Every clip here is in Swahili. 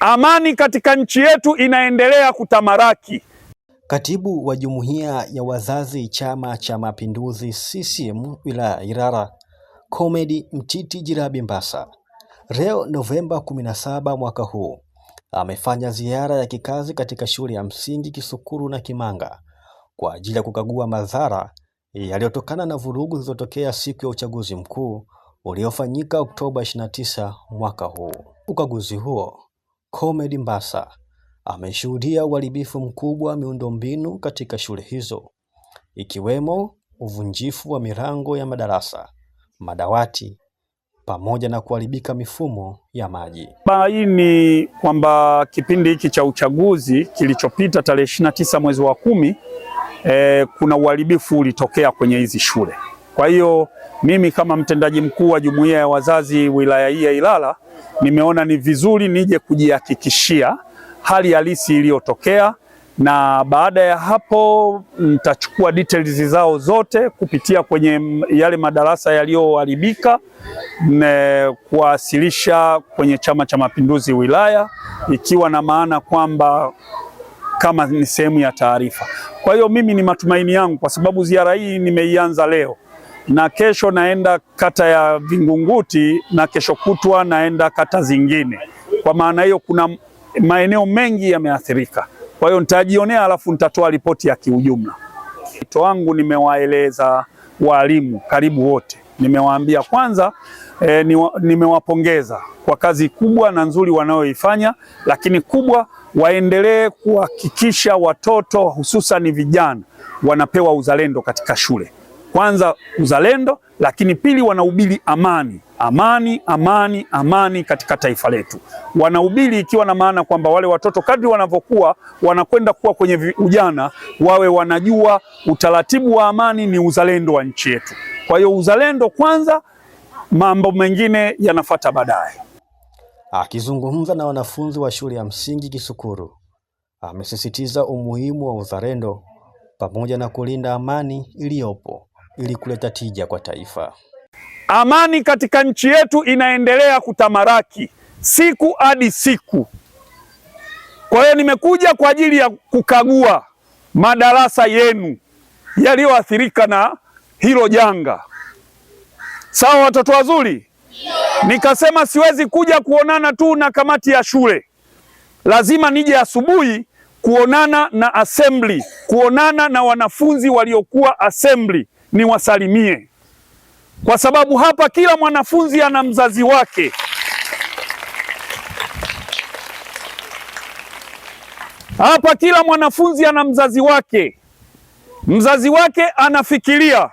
Amani katika nchi yetu inaendelea kutamaraki. Katibu wa Jumuiya ya Wazazi Chama cha Mapinduzi CCM wilaya Ilala, Comedy Mtiti Jirabi Mbassa leo Novemba 17 mwaka huu amefanya ziara ya kikazi katika shule ya msingi Kisukuru na Kimanga kwa ajili ya kukagua madhara yaliyotokana na vurugu zilizotokea siku ya uchaguzi mkuu uliofanyika Oktoba 29 mwaka huu. Ukaguzi huo Comrade Mbasa ameshuhudia uharibifu mkubwa wa miundombinu katika shule hizo ikiwemo uvunjifu wa milango ya madarasa, madawati pamoja na kuharibika mifumo ya maji. Baini kwamba kipindi hiki cha uchaguzi kilichopita tarehe ishirini na tisa mwezi wa kumi eh, kuna uharibifu ulitokea kwenye hizi shule. Kwa hiyo mimi kama mtendaji mkuu wa jumuiya ya wazazi wilaya hii ya Ilala nimeona ni vizuri nije kujihakikishia hali halisi iliyotokea, na baada ya hapo nitachukua details zao zote kupitia kwenye yale madarasa yaliyoharibika na kuwasilisha kwenye Chama cha Mapinduzi wilaya, ikiwa na maana kwamba kama ni sehemu ya taarifa. Kwa hiyo mimi ni matumaini yangu, kwa sababu ziara hii nimeianza leo na kesho naenda kata ya Vingunguti na kesho kutwa naenda kata zingine. Kwa maana hiyo, kuna maeneo mengi yameathirika. Kwa hiyo nitajionea, alafu nitatoa ripoti ya kiujumla. Wito wangu nimewaeleza walimu karibu wote, nimewaambia kwanza e, nimewapongeza kwa kazi kubwa na nzuri wanayoifanya, lakini kubwa waendelee kuhakikisha watoto hususan vijana wanapewa uzalendo katika shule kwanza uzalendo, lakini pili wanahubiri amani, amani, amani, amani katika taifa letu. Wanahubiri ikiwa na maana kwamba wale watoto kadri wanavyokuwa wanakwenda kuwa kwenye ujana, wawe wanajua utaratibu wa amani ni uzalendo wa nchi yetu. Kwa hiyo uzalendo kwanza, mambo mengine yanafata baadaye. Akizungumza na wanafunzi wa shule ya msingi Kisukuru, amesisitiza umuhimu wa uzalendo pamoja na kulinda amani iliyopo ili kuleta tija kwa taifa. Amani katika nchi yetu inaendelea kutamaraki siku hadi siku. Kwa hiyo nimekuja kwa ajili ya kukagua madarasa yenu yaliyoathirika na hilo janga. Sawa, watoto wazuri? Nikasema siwezi kuja kuonana tu na kamati ya shule, lazima nije asubuhi kuonana na assembly, kuonana na wanafunzi waliokuwa assembly niwasalimie, kwa sababu hapa kila mwanafunzi ana mzazi wake. Hapa kila mwanafunzi ana mzazi wake. Mzazi wake anafikiria,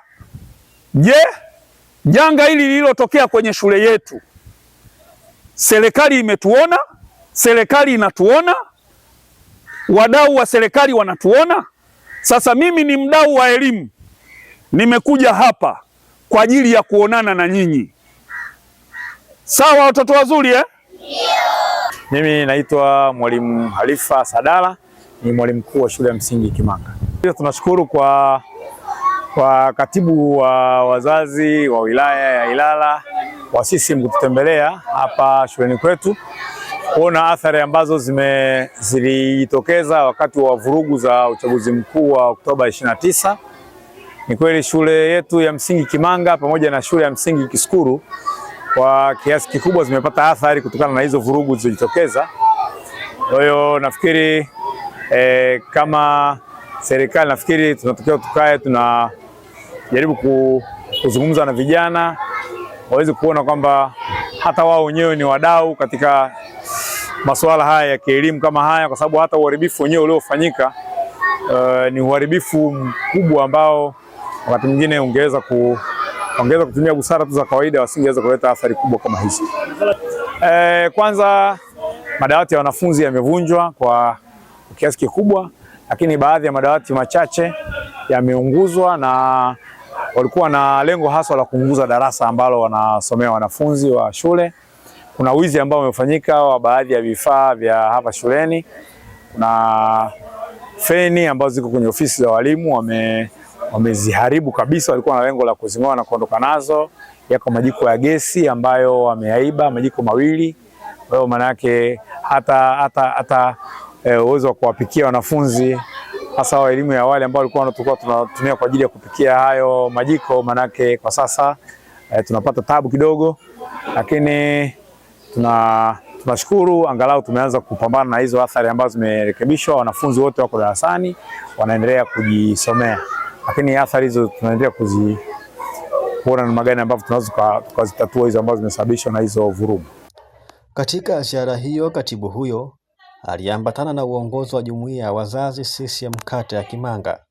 je, janga hili lililotokea kwenye shule yetu, serikali imetuona? Serikali inatuona? Wadau wa serikali wanatuona? Sasa mimi ni mdau wa elimu nimekuja hapa kwa ajili ya kuonana na nyinyi. Sawa watoto wazuri eh? Mimi naitwa Mwalimu Halifa Sadala, ni mwalimu mkuu wa shule ya msingi Kimanga. Tunashukuru kwa, kwa katibu wa wazazi wa wilaya ya Ilala wa sisi kututembelea hapa shuleni kwetu kuona athari ambazo zime zilijitokeza wakati wa vurugu za uchaguzi mkuu wa Oktoba 29. Ni kweli shule yetu ya msingi Kimanga pamoja na shule ya msingi Kisukuru kwa kiasi kikubwa zimepata athari kutokana na hizo vurugu zilizojitokeza. Kwa hiyo nafikiri e, kama serikali nafikiri tunatakiwa tukae, tunajaribu kuzungumza na vijana waweze kuona kwamba hata wao wenyewe ni wadau katika masuala haya ya kielimu kama haya, kwa sababu hata uharibifu wenyewe uliofanyika uh, ni uharibifu mkubwa ambao wakati mwingine ungeweza ku ongeza kutumia busara tu za kawaida wasingeweza kuleta athari kubwa kama hizi. E, kwanza madawati ya wanafunzi yamevunjwa kwa kiasi kikubwa, lakini baadhi ya madawati machache yameunguzwa na walikuwa na lengo haswa la kuunguza darasa ambalo wanasomea wanafunzi wa shule. Kuna wizi ambao umefanyika wa baadhi ya vifaa vya hapa shuleni. Kuna feni ambazo ziko kwenye ofisi za walimu wame wameziharibu kabisa. Walikuwa na lengo la kuzing'oa na kuondoka nazo. Yako majiko ya gesi ambayo wameyaiba majiko mawili. Kwa hiyo maana yake hata hata hata eh, uwezo e, wa kuwapikia wanafunzi hasa wa elimu ya awali ambao walikuwa tulikuwa tunatumia kwa ajili ya kupikia hayo majiko, maana yake kwa sasa e, tunapata tabu kidogo, lakini tuna tunashukuru angalau tumeanza kupambana na hizo athari ambazo zimerekebishwa. Wanafunzi wote wako darasani wanaendelea kujisomea lakini athari hizo tunaendelea kuziona namna gani ambavyo tunaweza tukazitatua hizo ambazo zimesababishwa na hizo vurugu. Katika ziara hiyo, katibu huyo aliambatana na uongozi wa jumuiya ya wazazi CCM kata ya Kimanga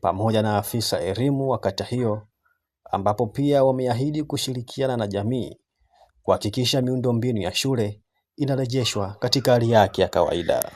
pamoja na afisa elimu wa kata hiyo, ambapo pia wameahidi kushirikiana na jamii kuhakikisha miundombinu ya shule inarejeshwa katika hali yake ya kawaida.